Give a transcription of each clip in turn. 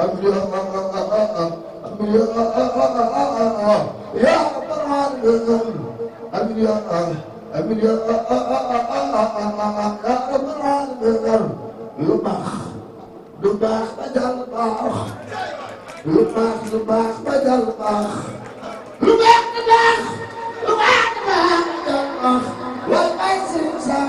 lu baax lu baax ba jàll baax lu baax lu baax ba jàll baax lu baax lu baax lu baax ba jàll baax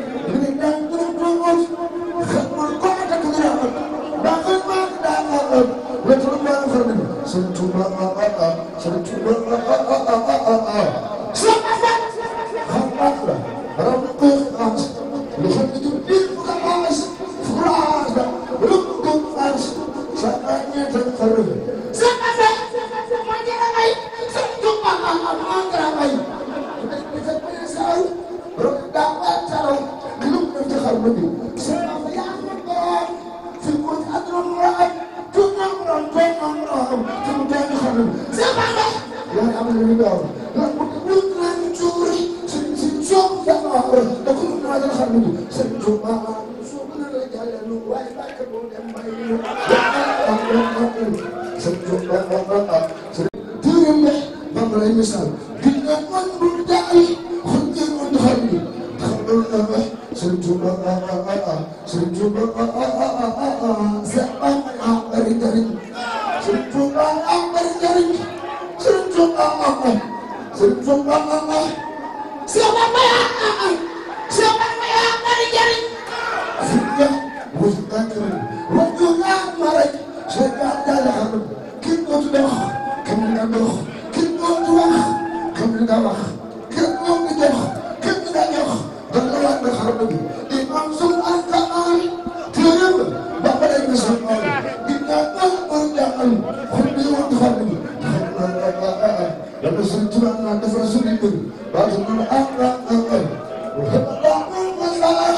sun tuba sun tuba Thank you. 나오고 우리는 주리 진정 나오고 나 그런 나들 하는 거 진정아 수분을 달려는 와이바크 보는 마이 진정아 들으면 밤라이 미사일 그냥 원불 다이 혼자만 하니 당분간 진정아 진정아 Cheikh Bamba yaa am ah, am ah. Cheikh Bamba yaa ah, bari njariñ fitna wëy nakrin wëy naa maraj Cheikh Bamba yaa xam kenn dootu dem naa defar suñu mbir waaye ñu ne ah ah ah ah ah ah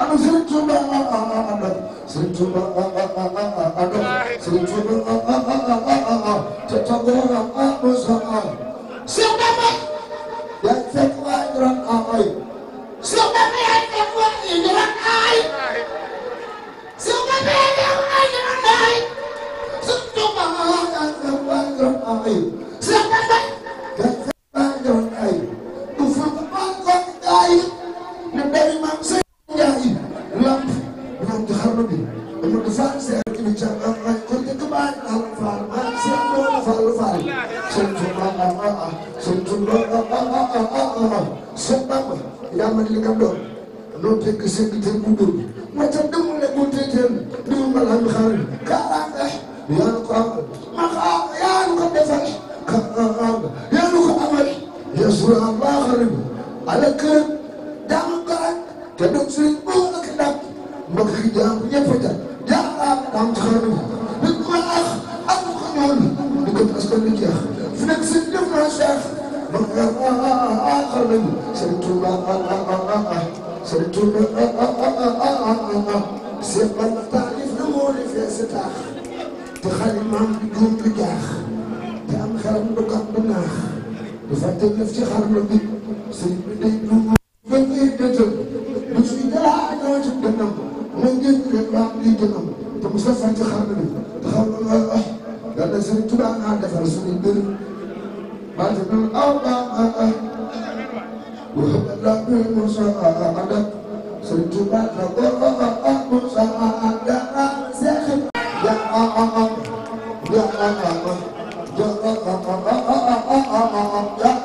am Serigne Touba ah ah ah ah Serigne Touba ah ah ah ah ah Serigne Touba ah ah ah ah ah ah kanjum harno ɗi emmiɗo fa seeɗa ɗiɓe jam ɗan kono ƴetta mbawi ɗan faal ma seeɗo faalo faal sontumaa sontuɗo soɗɗama yamaɗile kam ɗo noon pegge secrétaire ɓuɓol watta ɗemule ɓurteten ɗimmal hande haare kaɗaɓe yano ko amɗe maka yano ko defal kaɗaɓe yano ko amal yasura allah harim ala kere dama garan te ɗon siri ɓo mbokk yi jàmm ñëpp a jàpp yàlla am xarala bi dañ ko ax am ko ñool di ko askan bi jeex fi nekk seen jëf naa cheikh donc ah xarala bi seen tuuba ah ah ah ah seen tuuba ah ah ah ah ah ah seen ban taalif na moo di fee sa taax te xale maam bi juum bi jaax te am xelam du gàtt du naax du fàtte def ci xarala bi sëñ bi day juum ba ngay dëtal du fi dara ñoo ci gannaaw mais ngeen ñu leen baax lii gën sa sànc xar na bi te xam nga loolu ah daal dañ seen tubaab naa defar suñuy mbir baate na aw ah ah ah bu xam ne daa bëri mu sa ah ah ah dak seen tubaab na ko ah ah ah mu sa ah ah daa ah seexi ya ah ah ah ya ah ah ah ya ah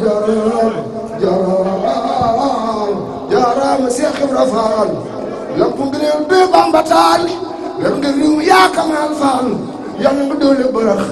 Jarrah, jarrah, jarrah. maama Cheikh Ibra Fall lamp ngëneel bi Bamba taal yor nga réew yaa kamal Fall yal nga doole bërëx